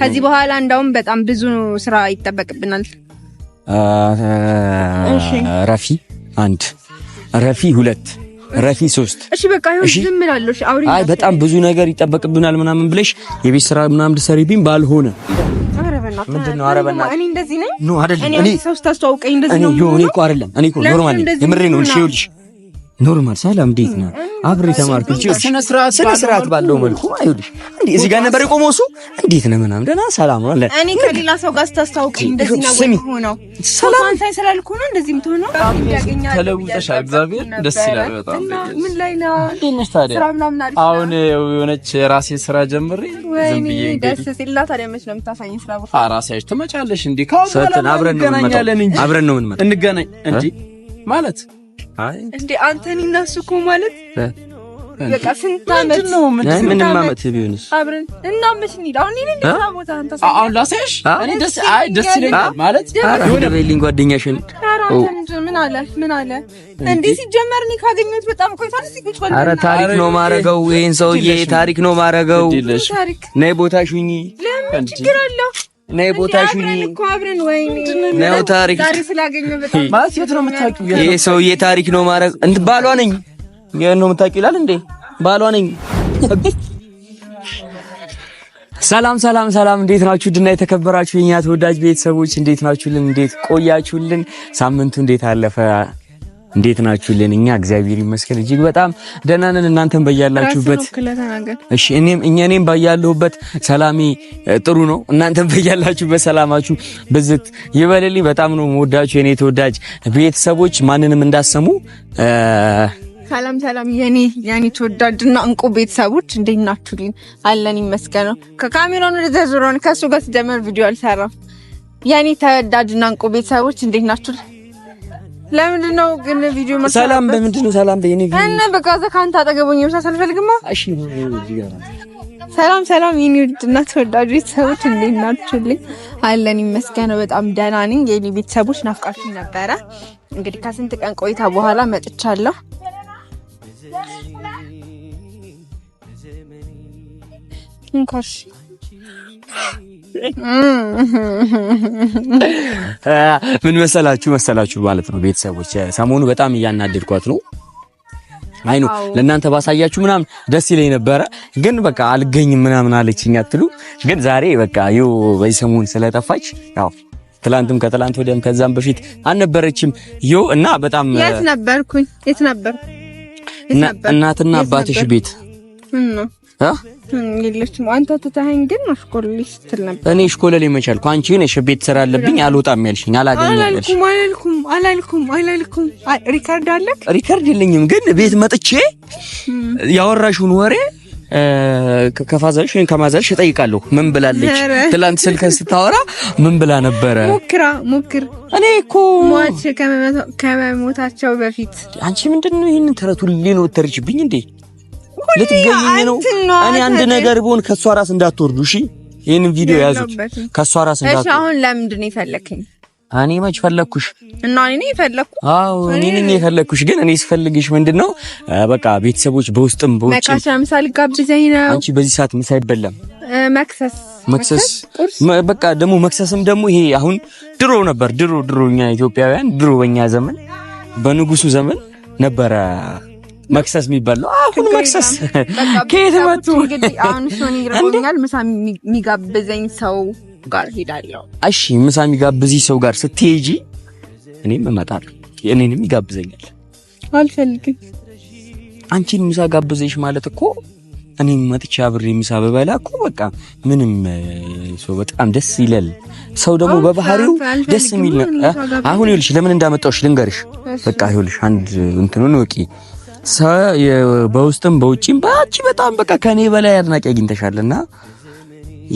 ከዚህ በኋላ እንዳውም በጣም ብዙ ስራ ይጠበቅብናል። ረፊ አንድ፣ ረፊ ሁለት፣ ረፊ ሶስት። እሺ በቃ ይሁን፣ ዝም እላለሁ። አይ በጣም ብዙ ነገር ይጠበቅብናል ምናምን ብለሽ የቤት ስራ ምናምን ትሰሪብኝ ባልሆነ ምንድን ነው? ኧረ በእናትህ እኔ እንደዚህ ነኝ። ኖ አይደለም። እኔ ሰው ስታስተዋውቀኝ እንደዚህ ነው። እኔ እኮ አይደለም። እኔ እኮ ኖርማል ነኝ። የምሬ ነው። እሺ ይኸውልሽ ኖርማል ሰላም፣ እንዴት ነህ? አብሬ ተማርኩ። ስነ ስርዓት ስነ ስርዓት ባለው መልኩ አይሁድሽ እንዴ! እዚህ ጋር ነበር የቆመው እሱ። እንዴት ነህ ምናምን፣ ደህና ሰላም ነው አለ። እኔ ከሌላ ሰው ጋር ስታስታውቅኝ እንደዚህ ነው የምትሆነው። ሰላም ሳይ ስላልኩ ነው እንደዚህ የምትሆነው። ተለውጠሻል። እግዚአብሔር ደስ ይላል በጣም። ምን ላይ ነው? እንዴት ነሽ ታዲያ? አሁን የሆነች ራሴ ስራ ጀምሬ ዝም ብዬ ደስ ሲላ። ታዲያ መች ነው የምታሳኝ ስራ ቦታ? ራሴ ትመጫለሽ እንዴ? ካሁን አብረን ነው የምንመጣው። ነው የምንመጣው። እንገናኝ እንዴ ማለት እንዴ አንተ እኔና እኮ ማለት በቃ ስንት አመት ነው? ምንም አመት ቢሆንስ አብረን እና መስኒ አሁን አሁን እኔ ደስ አይ ደስ ማለት ጓደኛሽን ምን አለ ምን አለ እንዴ ታሪክ ነው ማረገው፣ ይሄን ሰውዬ ታሪክ ነው ማረገው። ነይ ቦታሽ ሁኚ። ለምን ችግር አለው? ናይ ቦታ ሹኒ ነው ታሪክ ማለት የት ነው የምታውቂው? ይሄ ሰውዬ ታሪክ ነው ማድረግ እንትን ባሏ ነኝ የት ነው የምታውቂው ይላል እንዴ ባሏ ነኝ። ሰላም ሰላም ሰላም፣ እንዴት ናችሁ? ድና የተከበራችሁ የኛ ተወዳጅ ቤተሰቦች እንዴት ናችሁልን? እንዴት ቆያችሁልን? ሳምንቱ እንዴት አለፈ? እንዴት ናችሁ? እኛ እግዚአብሔር ይመስገን እጅግ በጣም ደህና ነን። እናንተም በያላችሁበት እሺ፣ እኔም እኛ እኔም ባያለሁበት ሰላሜ ጥሩ ነው። እናንተም በያላችሁበት ሰላማችሁ ብዝት ይበልልኝ። በጣም ነው የምወዳችሁ የኔ ተወዳጅ ቤተሰቦች፣ ማንንም እንዳሰሙ ሰላም ሰላም፣ የኔ የኔ ተወዳጅና እንቁ ቤተሰቦች እንዴት ናችሁልኝ? አለን ይመስገነው። ከካሜራውን ወደ ዞረን ከሱ ጋር ሲደመር ቪዲዮ አልሰራም። የኔ ተወዳጅና እንቁ ቤተሰቦች እንዴት ናችሁልኝ? ለምንድን ነው ግን ቪዲዮ መስራት? ሰላም በምንድን ነው ሰላም? በእኔ ቪዲዮ እና በቃ እዛ ካንተ አጠገቡኝ መስራት አልፈልግማ። እሺ ሰላም ሰላም፣ የኔ ውድና ተወዳጅ ቤተሰቦች እንዴት ናችሁልኝ? አለን ይመስገን፣ በጣም ደህና ነኝ። የኔ ቤተሰቦች ናፍቃችሁ ነበረ። እንግዲህ ከስንት ቀን ቆይታ በኋላ መጥቻለሁ። እንኳን ምን መሰላችሁ መሰላችሁ ማለት ነው ቤተሰቦች፣ ሰሞኑ በጣም እያናደድኳት ነው። አይ ነው ለእናንተ ባሳያችሁ ምናምን ደስ ይለኝ ነበረ፣ ግን በቃ አልገኝም ምናምን አለችኝ አትሉ። ግን ዛሬ በቃ ዩ በዚህ ሰሞን ስለጠፋች ያው ትላንትም ከትላንት ወዲያም ከዛም በፊት አልነበረችም። ይኸው እና በጣም የት ነበርኩኝ? የት ነበር? እናትና አባትሽ ቤት ነው የለችም። አንተ ትተኸኝ ግን አሽኮለሌ ስትል ነበር። እኔ እሽኮለሌ አንቺ ነሽ ቤት ስራ አለብኝ አልወጣም ያልሽኝ። አላገኘም አላልኩም አላልኩም አላልኩም። ሪካርድ አለክ? ሪካርድ የለኝም፣ ግን ቤት መጥቼ ያወራሽውን ወሬ ከፋዘርሽ ወይም ከማዘርሽ እጠይቃለሁ። ምን ብላለች? ትላንት ስልክ ስታወራ ምን ብላ ነበረ? ሞክራ ሞክር። እኔ እኮ ሟች ከመሞታቸው በፊት አንቺ ምንድን ነው ይህንን ተረቱ ሊኖተርችብኝ እንዴ? ልትገኝ ነው። እኔ አንድ ነገር ቢሆን ከእሷ ራስ እንዳትወርዱ እሺ። ይህንን ቪዲዮ ያዙት፣ ከእሷ ራስ እንዳትወርዱ። አሁን ለምንድን ነው የፈለግኝ? እኔ መች ፈለግኩሽ? እና እኔ የፈለግኩ አዎ፣ እኔ ነኝ የፈለግኩሽ። ግን እኔ ስፈልግሽ ምንድን ነው በቃ ቤተሰቦች በውስጥም በውጭ መካሽ ለምሳሌ ጋብዘኝ ነው። አንቺ በዚህ ሰዓት ምሳ አይበላም። መክሰስ መክሰስ በቃ ደግሞ መክሰስም ደግሞ ይሄ አሁን ድሮ ነበር ድሮ ድሮ እኛ ኢትዮጵያውያን ድሮ በእኛ ዘመን በንጉሱ ዘመን ነበረ መክሰስ የሚባል ነው። አሁን መክሰስ ከየት መጡ? አሁን እሱን ይረቦኛል። ምሳ የሚጋብዘኝ ሰው ጋር ሄዳለሁ። እሺ፣ ምሳ የሚጋብዝኝ ሰው ጋር ስትሄጂ እኔም እመጣለሁ፣ እኔንም ይጋብዘኛል። አልፈልግም። አንቺን ምሳ ጋብዘሽ ማለት እኮ እኔም መጥቼ አብሬ ምሳ በበላ እኮ በቃ ምንም ሰው በጣም ደስ ይላል። ሰው ደግሞ በባህሪው ደስ የሚል ነው። አሁን ይኸውልሽ ለምን እንዳመጣሁሽ ልንገርሽ። በቃ ይኸውልሽ አንድ እንትኑን ወቂ በውስጥም በውጭም ባቺ በጣም በቃ ከኔ በላይ አድናቂ አግኝተሻልና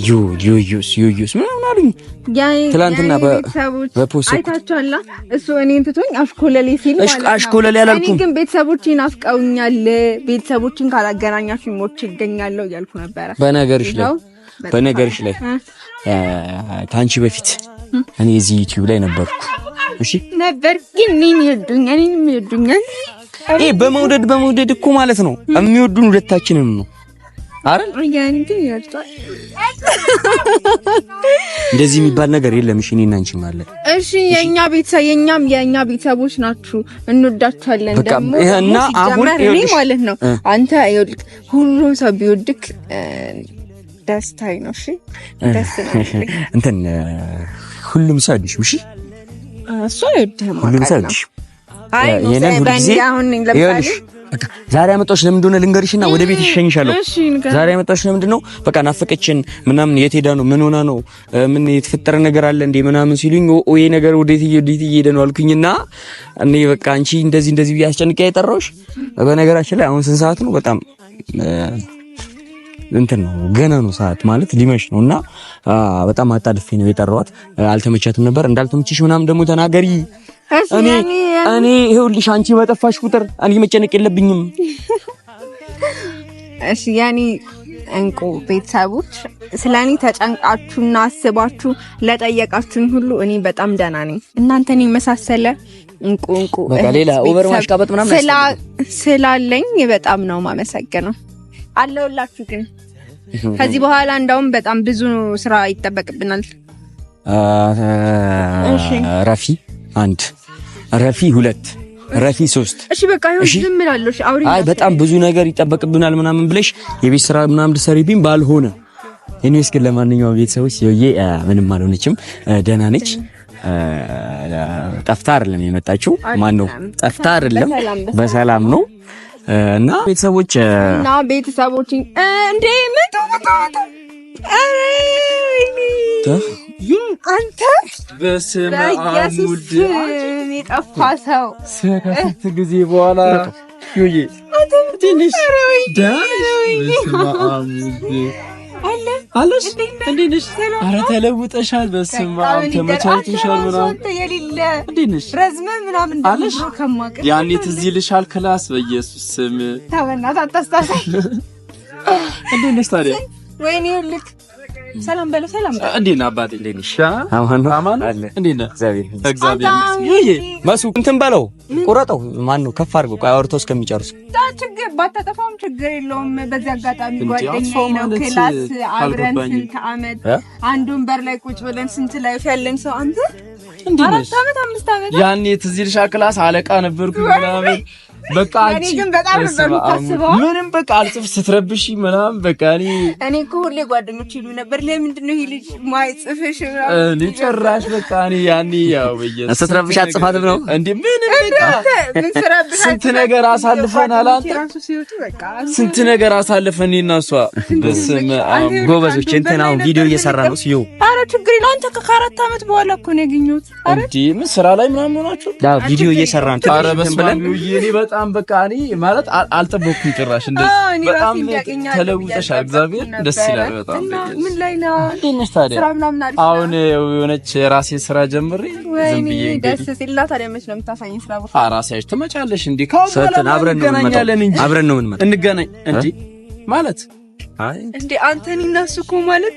ዩ ዩ ዩስ ዩ ዩስ ምናምን አሉኝ። ትላንትና በፖስት አይታችኋላ። እሱ እኔን ትቶኝ አሽኮለሌ ሲል አሽኮለሌ አላልኩም፣ ግን ቤተሰቦቼን ናፍቀውኛል። ቤተሰቦችን ካላገናኛችሁ ሞቼ ይገኛለሁ እያልኩ ነበረ። በነገርሽ ላይ በነገርሽ ላይ ከአንቺ በፊት እኔ እዚህ ዩቲዩብ ላይ ነበርኩ። እሺ ነበር፣ ግን እኔን ይወዱኛል፣ እኔንም ይወዱኛል ይሄ በመውደድ በመውደድ እኮ ማለት ነው የሚወዱን ሁለታችንም ነው አይደል? እንደዚህ የሚባል ነገር የለም። እሺ እኔና አንቺ ማለት እሺ፣ የኛ ቤተሰብ የኛም የኛ ቤተሰቦች ናችሁ፣ እንወዳችኋለን። ደግሞ እና አሁን እኔ ማለት ነው አንተ ይኸውልህ፣ ሁሉም ሰው ቢወድክ ደስታይ ነው። እሺ ደስ ነው እንትን ሁሉም ሰው አይወድሽም። እሺ እሱ አይወድህም፣ ሁሉም ሰው አይወድሽም ይሄንን ሁልጊዜ ይኸውልሽ ዛሬ ያመጣሁሽ ለምን እንደሆነ ልንገርሽና ወደ ቤት ይሸኝሻለሁ። ዛሬ ያመጣሁሽ ለምን እንደሆነ በቃ ናፈቀችን ምናምን፣ የት ሄዳ ነው? ምን ሆና ነው? ምን የተፈጠረ ነገር አለ እንዴ? ምናምን ሲሉኝ ወይ ነገር ወዴት እየሄደ ነው አልኩኝና እኔ በቃ አንቺ እንደዚህ እንደዚህ ብዬሽ አስጨንቄ የጠራሁሽ። በነገራችን ላይ አሁን ስንት ሰዓት ነው? በጣም እንትን ነው ገና ነው ሰዓት ማለት ሊመሽ ነው። እና በጣም አጣድፌ ነው የጠራኋት። አልተመቻትም ነበር። እንዳልተመቸሽ ምናምን ደግሞ ተናገሪ እኔ እኔ ይኸውልሽ አንቺ በጠፋሽ ቁጥር እኔ መጨነቅ የለብኝም። እሺ ያኔ እንቁ ቤተሰቦች ስለ እኔ ተጨንቃችሁና አስባችሁ ለጠየቃችሁኝ ሁሉ እኔ በጣም ደህና ነኝ። እናንተን የመሳሰለ እንቁ እንቁ ስላለኝ በጣም ነው ማመሰግነው አለውላችሁ ግን ከዚህ በኋላ እንዳውም በጣም ብዙ ስራ ይጠበቅብናል። ረፊ አንድ ረፊ ሁለት ረፊ ሶስት እሺ በቃ ይሁን አውሪ አይ በጣም ብዙ ነገር ይጠበቅብናል ምናምን ብለሽ የቤት ስራ ምናምን ትሰሪብኝ ባልሆነ እኔስ ግን ለማንኛውም ቤተሰቦች ይሄ ምንም አልሆነችም ደህና ነች ጠፍታ አይደለም የመጣችው ማን ነው ጠፍታ አይደለም በሰላም ነው እና ቤተሰቦች እና ቤተሰቦች እንዴ መጣ መጣ አንተ በስመ አብ የጠፋ ሰው ስንት ጊዜ በኋላ ዩዬ ትንሽ ተለውጠሻል። በስመ አብ ተመቻችተሻል። ምናምን ምናምን አለሽ። ያኔ ትዝ ይልሻል ክላስ። በኢየሱስ ስም እንዴት ነሽ ታዲያ? ወይኔ ሰላም በለው። ሰላም እንዴት ነህ አባቴ? እንዴት ነሽ? አማን አማን እንዴት ነህ? እግዚአብሔር መሱ እንትን በለው ቁረጠው። ማን ነው ከፍ አድርገው። ቆይ እስከሚጨርሱ ችግር ባታጠፋውም ችግር የለውም። በዚህ አጋጣሚ ጓደኛዬ ነው። ክላስ አብረን ስንት አንድ ወንበር ላይ ቁጭ ብለን ስንት ላይፍ ያለን ሰው አንተ አራት አምስት ያኔ ትዝ ይልሻል። ክላስ አለቃ ነበርኩ ምናምን በቃ እኔ ግን በጣም ነበር የምታስበው። ምንም በቃ አልጽፍ ስትረብሽ ምናምን በቃ እኔ እኔ እኮ ሁሌ ጓደኞች ይሉ ነበር ለምንድን ነው ይሄ ልጅ ማይጽፍሽ? እኔ ጭራሽ በቃ እኔ ያኔ ያው በየ ስትረብሽ አጽፋትም ነው እንዴ? ምንም ስንት ነገር አሳልፈን አላንተ ስንት ነገር አሳልፈን እኔና እሷ በስመ አብ ጎበዞች። እንትን አሁን ቪዲዮ እየሰራ ነው ሲዩ። አረ ችግር የለውም አንተ ከአራት ዓመት በኋላ እኮ ነው ያገኘሁት። ምን ስራ ላይ ምናምን ሆናችሁ ቪዲዮ እየሰራ ነው። ኧረ በስመ አብ ይሄ እኔ በጣም በጣም በቃ እኔ ማለት አልጠበኩም ጭራሽ። በጣም ተለውጠሻል። እግዚአብሔር ደስ ይላል። በጣም ምን ላይ ነው? እንዴት ነሽ ታዲያ? አሁን የሆነች ራሴ ስራ ጀምሬ ራሴ ትመጫለሽ እንዴ? እንጂ አብረን ነው እንገናኝ እንጂ ማለት እንዴ አንተን እናሱ ማለት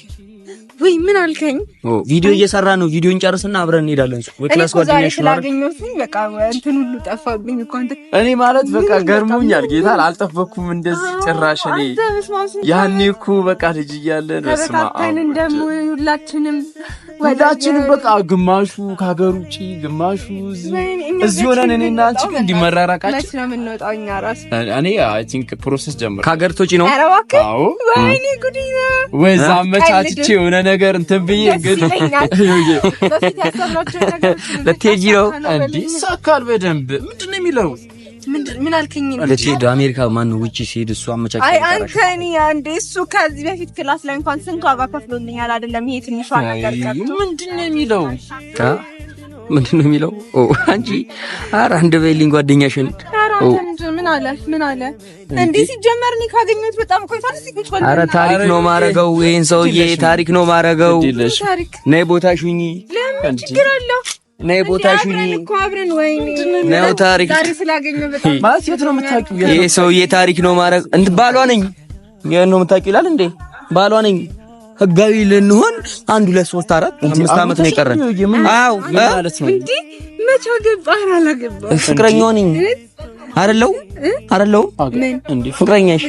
ወይ ምን አልከኝ? ቪዲዮ እየሰራ ነው። ቪዲዮን ጨርስና አብረን እንሄዳለን። እሱ ወይ ክላስ ጓደኛሽ በቃ እንትን ሁሉ ጠፋብኝ እኮ አንተ። እኔ ማለት በቃ ገርሞኛል። ጌታ አልጠበኩም እንደዚህ ጭራሽ። እኔ ያኔ እኮ በቃ ልጅ እያለን ሁላችንም ሁላችንም በቃ ግማሹ ከሀገር ውጭ ግማሹ እዚህ ሆነን እኔ እና አንቺ እንዲህ መራራቃችን እኔ አይ ቲንክ ፕሮሰስ ጀምር ከሀገር ትወጪ ነው አዎ ወይኔ ወይ እዛ አመቻችቼ የሆነ ነገር እንትን ብዬ እንግዲህ ለቴጂ ነው ይሳካል። በደንብ ምንድን ነው የሚለው? ምን አልከኝ? ልትሄድ አሜሪካ ማነው ውጪ ሲሄድ እሱ አመቻቸው። አይ አንተ እኔ አንዴ እሱ ከዚህ በፊት ክላስ ላይ እንኳን ስንት ዋጋ ከፍሎልኛል አይደለም። ይሄ ትንሿ ነገር ቀርቶ ምንድን ነው የሚለው? ምንድን ነው የሚለው? አንቺ ኧረ አንድ በይልኝ ጓደኛሽን ኧረ ታሪክ ነው ማረገው፣ ይሄን ሰውዬ ታሪክ ነው ማረገው። ነይ ቦታ ሁኚ። ለምን ችግር አለው? ነው ታሪክ ይሄ ሰውዬ ታሪክ ነው ማረግ። እንት ባሏ ነኝ ይሄን ነው የምታውቂው ይላል እንዴ? ባሏ ነኝ ህጋዊ ልንሆን አንድ ሁለት ሶስት አራት አምስት ዓመት ነው የቀረን። አዎ ማለት ነው እንዴ መቼ ገባህ? ነኝ አይደለው አይደለው እንዴ ፍቅረኛሽ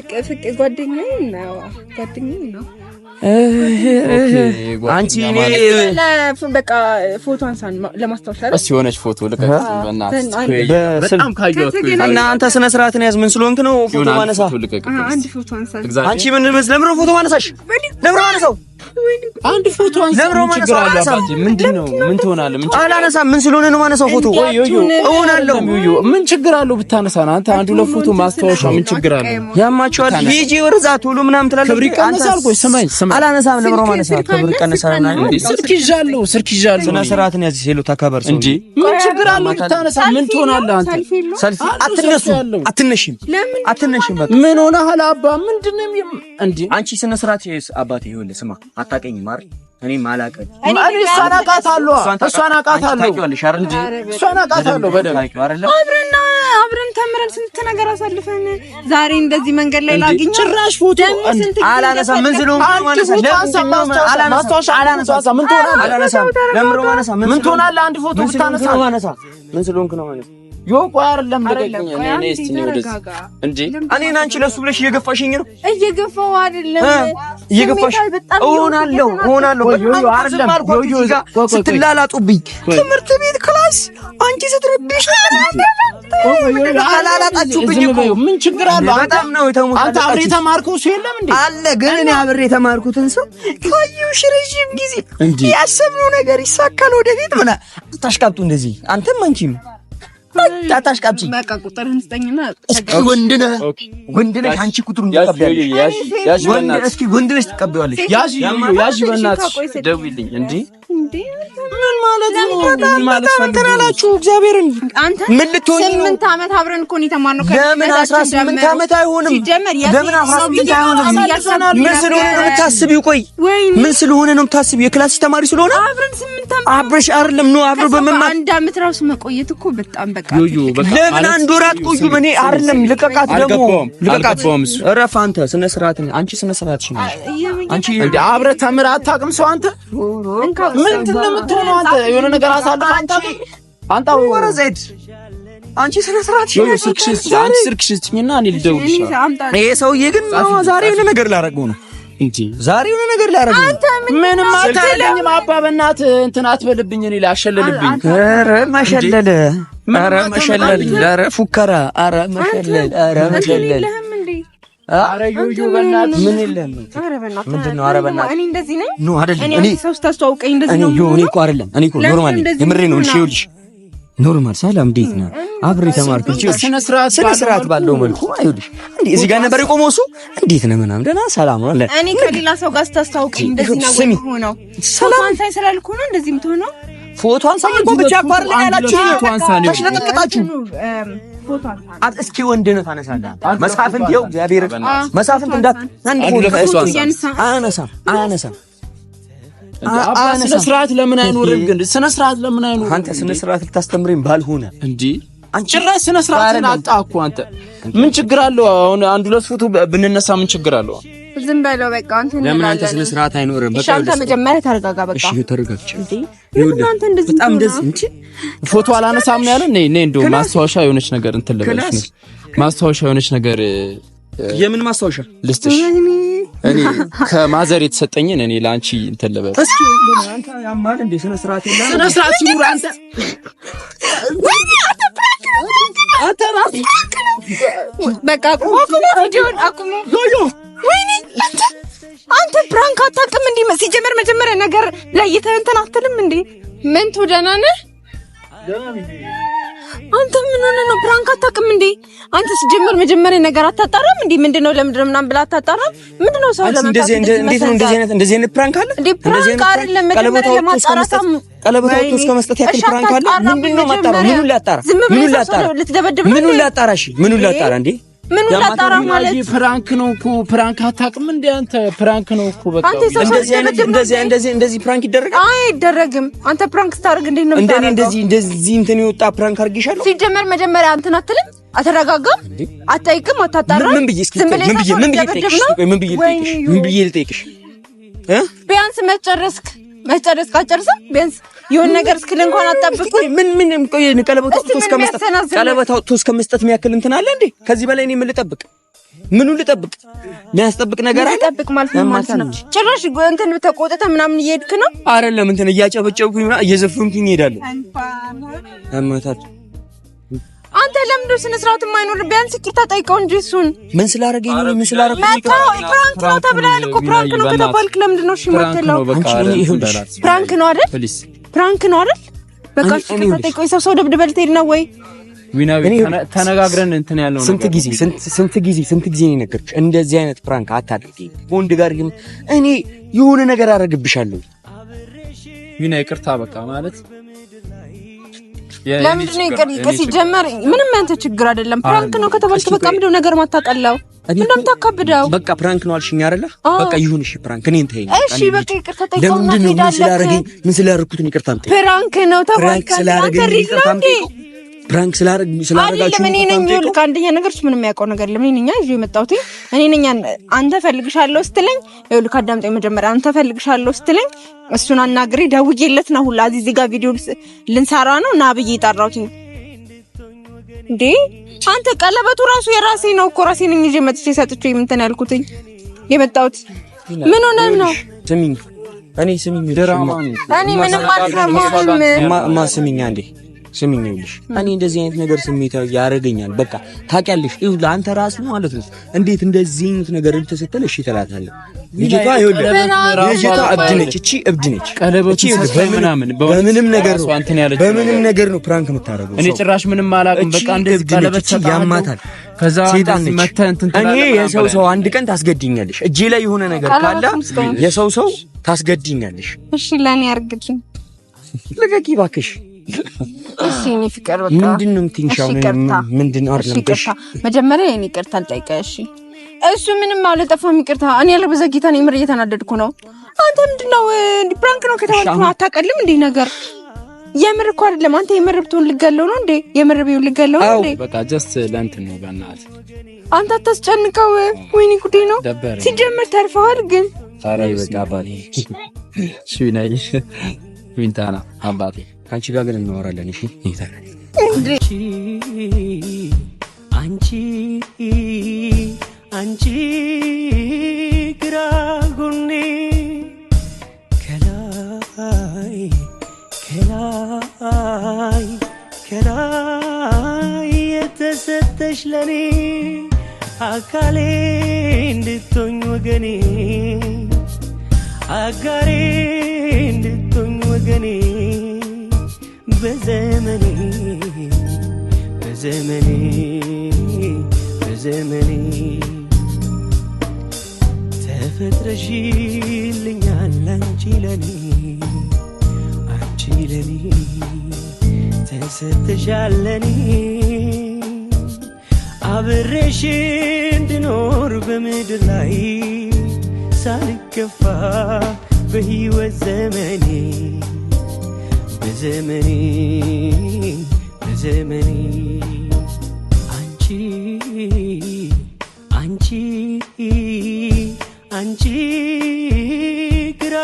ጓደኛዬ ነው ጓደኛዬ ነው አንቺ እኔ በቃ ፎቶ አንሳን እሺ ፎቶ እና አንተ ስነ ስርዓትን ያዝ ምን ስለሆንክ ነው ፎቶ ማነሳ አንቺ ምን ለምሮ ፎቶ ማነሳሽ ለምሮ ማነሳው አንድ ፎቶ አንሳም። ምን ችግር አለ? አባቴ ምንድነው? ምን ትሆናለህ? ምን ችግር አላነሳም። ምን ስለሆነ ነው ማነሳው? ፎቶ እሆናለሁ። ምን ችግር አለው ብታነሳ? አንተ አንዱ ለፎቶ ማስታወሻ ምን ችግር አለ? ያማቸዋል። ሂጂ ወርዛ ቶሎ ምናምን ትላለህ። ክብር ይቀነሳል። ቆይ ስማኝ፣ ስማኝ፣ አላነሳም። ለምሮ ማነሳ ክብር ይቀነሳል። እና ስልክ ይዣለሁ፣ ስልክ ይዣለሁ። ስነ ስርዓትን ያዝ። ሄሎ ተከበር እንጂ ምን ችግር አለው ብታነሳ? ምን ትሆናለህ አንተ? ሰልፊ አትነሱ፣ አትነሽም፣ አትነሽም። በቃ ምን ሆነሃል አባ? ምንድነው እንዴ? አንቺ ስነ ስርዓት አባቴ። ይኸውልህ ስማ አታውቀኝም አይደል? እኔም አላውቅም። እሷን አውቃታለሁ፣ እሷን አውቃታለሁ በደምብ አብረን አብረን ተምረን ስንት ነገር አሳልፈን ዛሬ እንደዚህ መንገድ ላይ ላግኝ ጭራሽ ፎቶ አላነሳም። ምን ስለሆነ አላነሳም። ምን አንድ ፎቶ ብታነሳ ምን ስለሆንክ ነው? ዮንቆ አይደለም እኔ እኔ እስቲ ነው ደስ እንጂ እኔን አንቺ ለሱ ብለሽ እየገፋሽኝ ነው። እየገፋው አይደለም እየገፋሽ እሆናለሁ ስትላላጡብኝ ትምህርት ቤት ክላስ አንቺ ስትረብሽ እኮ ምን ችግር አለ? በጣም ነው የተሞተ አንተ አብሬ የተማርከው እሱ የለም እንዴ አለ። ግን እኔ አብሬ የተማርኩትን ሰው ካየሁሽ ረዥም ጊዜ ያሰብነው ነገር ይሳካል ወደፊት ምናምን አታሽቃብጡ እንደዚህ አንተም አንቺም ጣጣሽ ቃብጪ በቃ ቁጥር እንስጠኝና ወንድ ነህ ወንድ አንቺ ቁጥሩን ትቀበያለሽ እስኪ ወንድ ነሽ ትቀበያለሽ ያዥ በእናትሽ ደውይልኝ እንዴ ምን ማለት ነው ምን ማለት እግዚአብሔርን አንተ ምን ልትሆኚ ነው ስምንት ዓመት አብረን እኮ ነው የተማርነው ለምን አስራ ስምንት ዓመት አይሆንም ለምን አስራ ስምንት አይሆንም ምን ስለሆነ ነው የምታስቢው ቆይ ምን ስለሆነ ነው የምታስቢው የክላስ ተማሪ ስለሆነ አብረን ስምንት ዓመት አብረሽ አይደለም ነው በመማር አንድ ዓመት መቆየት እኮ በጣም ለምን አንድ ወር አትቆዩም? እኔ አይደለም ልቀቃት፣ ደግሞ እረፍ አንተ። ስነ ስርዓት አንቺ፣ ስነ ስርዓት አንቺ። እንደ አብረህ ተምረህ አታውቅም ሰው አንተ ምንድን ነው የምትሆነው? አንተ የሆነ ነገር አንተ አንተ ወረ አንቺ ስነ ስርዓት አንቺ ስጭኝና እኔ ይሄ ሰውዬ ግን ዛሬ የሆነ ነገር ላደርገው ነው እንጂ ዛሬ የሆነ ነገር ላረግ ምንም አታረገኝም። አባ በእናትህ እንትን አትበልብኝ፣ እኔ ላሸለልብኝ። ኧረ መሸለል፣ ኧረ መሸለል፣ ኧረ ፉከራ፣ ኧረ መሸለል፣ ኧረ መሸለል። ኧረ ዩዩ በእናትህ ምን የለም። ምንድን ነው? ኧረ በእናትህ እኔ እንደዚህ ነኝ። ኖ አይደለም። እኔ ሰው ስታስተዋውቀኝ እንደዚህ ነው። እኔ እኮ አይደለም። እኔ እኮ ኖርማል፣ ነኝ፣ የምሬ ነው። እሺ ይኸውልሽ ኖርማል ሰላም፣ እንዴት ነህ? አብሬ ተማርኩ እንጂ ስነ ስርዓት ስነ ስርዓት ባለው መልኩ አይውልሽ እንዴ! እዚህ ጋር ነበር የቆመው እሱ። እንዴት ነህ ምናምን ደህና ሰላም ነው አለ። እኔ ከሌላ ሰው ጋር ስታስታውቀኝ እንደዚህ ነው የሆነው። ሰላም ሳይ ስላልኩ ነው እንደዚህ የምትሆነው። ፎቶ አንሳኝ እኮ ብቻ ፓር ላይ ያላችሁ ፎቶ አንሳኝ ተሽለጠቅጣችሁ እስኪ ወንድነት ታነሳለህ። መሳፍንት ይኸው እግዚአብሔር መሳፍንት እንዳት አንድ ፎቶ አነሳ አነሳ ስነ ስርዓት ለምን አይኖርም? ግን ስነ ስርዓት ለምን አይኖርም? አንተ ስነ ስርዓት ልታስተምረኝ ባልሆነ እንዴ? ጭራሽ ስነ ስርዓትን አጣህ እኮ አንተ። ምን ችግር አለው አሁን? አንድ ሁለት ፎቶ ብንነሳ ምን ችግር አለው? ዝም በለው በቃ። አንተ ለምን አንተ ስነ ስርዓት አይኖርም? በቃ አንተ መጀመሪያ ተረጋጋ። በቃ እሺ፣ ተረጋጋ። በጣም ደስ እንጂ ፎቶ አላነሳም ያለ ነኝ ነኝ። እንደው ማስታወሻ የሆነች ነገር እንትን ልበልሽ፣ ማስታወሻ የሆነች ነገር። የምን ማስታወሻ ልስጥሽ? እኔ ከማዘር የተሰጠኝን እኔ ለአንቺ እንትን ልበል እስኪ። ስነ ስርዓት ስነ ስርዓት ይኑር። አንተ አንተ በቃ ቪዲዮን ወይኔ አንተ ፕራንክ አታውቅም እንዴ? ሲጀመር መጀመሪያ ነገር ለይተህ እንትን አትልም እንዴ? ደህና ነህ? አንተ ምን ሆነ ነው? ፕራንክ አታውቅም እንዴ? አንተ ሲጀምር መጀመሪያ ነገር አታጣራም እንዴ? ምንድነው? ለምንድነው ምናምን ብላ አታጣራም? ምንድነው ሰው ለምን እንደዚህ እንዴት እንደዚህ አይነት እንደዚህ አይነት ፕራንክ አለ እንዴ? ፕራንክ አይደለም መጀመሪያ ለማጣራታም ቀለበት አውጥቶ እስከ መስጠት ያክል ፕራንክ አለ። ምንድነው ማጣራ? ምኑን ላጣራ? ምኑን ላጣራ? ልትደበድብ ምኑን ላጣራ? እሺ ምኑን ላጣራ እንዴ? ምን ላጣራ ማለት ፕራንክ ነው እኮ ፕራንክ አታውቅም እንዴ አንተ? ፕራንክ ነው እኮ በቃ አንተ እንደዚህ እንደዚህ እንደዚህ ፕራንክ ይደረጋል? አይ አይደረግም። አንተ ፕራንክ ስታደርግ እንዴት ነው እንደኔ እንደዚህ እንደዚህ እንትን የወጣ ፕራንክ አድርጌሻለሁ? ሲጀመር መጀመሪያ እንትን አትልም፣ አተረጋጋም አትጠይቅም፣ አታጣራም። ምን ብዬ እስኪ ምን ብዬ ምን ብዬ ልጠይቅሽ እ ቢያንስ መጨረስክ መጨረስ ካጨርሰ ቢያንስ የሆነ ነገር እስክል እንኳን አጣብቁ። ምን ምን ቆይ ቀለበት አውጥቶ እስከ መስጠት ቀለበት አውጥቶ እስከ መስጠት የሚያክል እንትን አለ እንዴ? ከዚህ በላይ እኔ ምን ልጠብቅ? ምኑን ልጠብቅ? የሚያስጠብቅ ነገር አለ? ልጠብቅ ማለት ነው ማለት ነው። ጭራሽ እንትን ተቆጥተህ ምናምን እየሄድክ ነው አይደለም? እንትን እያጨበጨብኩኝ ምናምን እየዘፈንኩኝ እሄዳለሁ። አማታት አንተ ለምንድን ስነ ስርዓት የማይኖር ቢያንስ ይቅርታ ጠይቀው እንጂ እሱን ምን ስላደረገኝ ነው? ምን ስላደረገኝ ነው? ፕራንክ ነው ተብለሃል ነው ነው አይደል? ነው አይደል? በቃ ሰው ነው ወይ? ተነጋግረን እንትን ያለው ስንት ጊዜ ስንት ጊዜ ስንት ጊዜ ነው የነገርኩሽ? እንደዚህ አይነት ፕራንክ አታድርጊ። ወንድ ጋር ግን እኔ የሆነ ነገር አደርግብሻለሁ። ዊና ይቅርታ በቃ ማለት ለምንድነው ይቅር ሲጀመር ምንም ያንተ ችግር አይደለም። ፕራንክ ነው ከተባልክ በቃ ምንድነው ነገር ማታቀላው ምንም ታካብዳው። በቃ ፕራንክ ነው አልሽኝ አይደለ? በቃ ይሁን። እሺ ፕራንክ እኔን ተይኝ። እሺ በቃ ይቅርታ ይቅር ተጠይቀውና ምን ስላደረገኝ ምን ስላደረኩትን ይቅርታ አምጣ። ፕራንክ ነው ተባልከ አንተ ሪል ነው ፕራንክ ስላረጋችሁ እኔ ነኝ። ይኸውልህ አንደኛ ነገር ምንም የሚያውቀው ነገር የለም። እኔ ነኝ ይዤው የመጣሁት እኔ ነኝ። አንተ ፈልግሻለሁ ስትለኝ ይኸውልህ ከአዳምጠኝ መጀመሪያ አንተ ፈልግሻለሁ ስትለኝ እሱን አናግሬ ደውዬለት ነው ሁላ እዚህ ጋር ቪዲዮ ልንሰራ ነው እና ብዬ የጠራሁት እንዴ። አንተ ቀለበቱ ራሱ የራሴ ነው እኮ ራሴ ነኝ ይዤ መጥቼ ሰጥቼ እንትን ያልኩት የመጣሁት ምን ሆነ ነው ስሚኝ። እኔ ስሚኝ፣ ድራማ እኔ ምንም አልሰማሁም። ማ ስሚኝ አንዴ ስሚኝ፣ ስሚኝልሽ እኔ እንደዚህ አይነት ነገር ስሜት ያደርገኛል። በቃ ታውቂያለሽ፣ ይኸው ለአንተ ራሱ ማለት ነው እንዴት እንደዚህ አይነት ነገር ልተሰተለ እሺ ትላታለህ። ልጅቷ እብድ ነች፣ እቺ እብድ ነች። በምንም ነገር ነው በምንም ነገር ነው ፕራንክ የምታደርገው። እኔ ጭራሽ ምንም አላውቅም። በቃ እንደዚህ ቀለበት ያማታል። ከዛ እኔ የሰው ሰው አንድ ቀን ታስገድኛለሽ። እጄ ላይ የሆነ ነገር ካለ የሰው ሰው ታስገድኛለሽ። እሺ ለኔ አርግልኝ፣ ልቀቂ እባክሽ እሺ እኔ ፍቅር በቃ ምንድን ነው የምትንሻው? ምንድን አይደለም። እሺ መጀመሪያ የኔ ይቅርታ አልጠይቀ እሺ። እሱ ምንም አልጠፋም። ይቅርታ እኔ ያልበዛ ጌታ ነው የምር እየተናደድኩ ነው። አንተ ምንድን ነው ፕራንክ ነው ከተባልኩ ነው አታውቅልም እንዴ ነገር የምር እኮ አይደለም። አንተ የምር ብትሆን ልገለው ነው እንዴ? የምር ቢሆን ልገለው ነው እንዴ? በቃ ጀስት ለእንትን ነው። በእናትህ አንተ አታስጨንቀው። ወይኔ ጉዴ ነው ሲጀምር ተርፈዋል። ግን ታዲያ በቃ አባቴ ሹ ነይ አባቴ ከአንቺ ጋር ግን እናወራለን። እሺ አንቺ አንቺ ግራ ጎኔ ከላይ ከላይ ከላይ የተሰጠሽ ለኔ አካሌ እንድትሆኝ ወገኔ አጋሬ እንድትሆኝ ወገኔ በዘመኔ በዘመኔ በዘመኔ ተፈጥረሽልኛል አንቺ ለኔ አንቺ ለኔ ተሰጥተሻል ለኔ አብሬሽ እንድኖር በምድር ላይ ሳልከፋ በሕይወት ዘመኔ በዘመኔ በዘመኔ አንቺ አንቺ አንቺ ግራ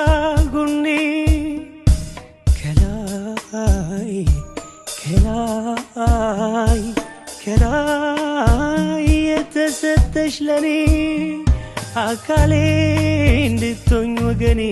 ጎኔ ከላይ ከላይ ከላይ የተሰጠሽ ለኔ አካሌ እንድትሆኝ ወገኔ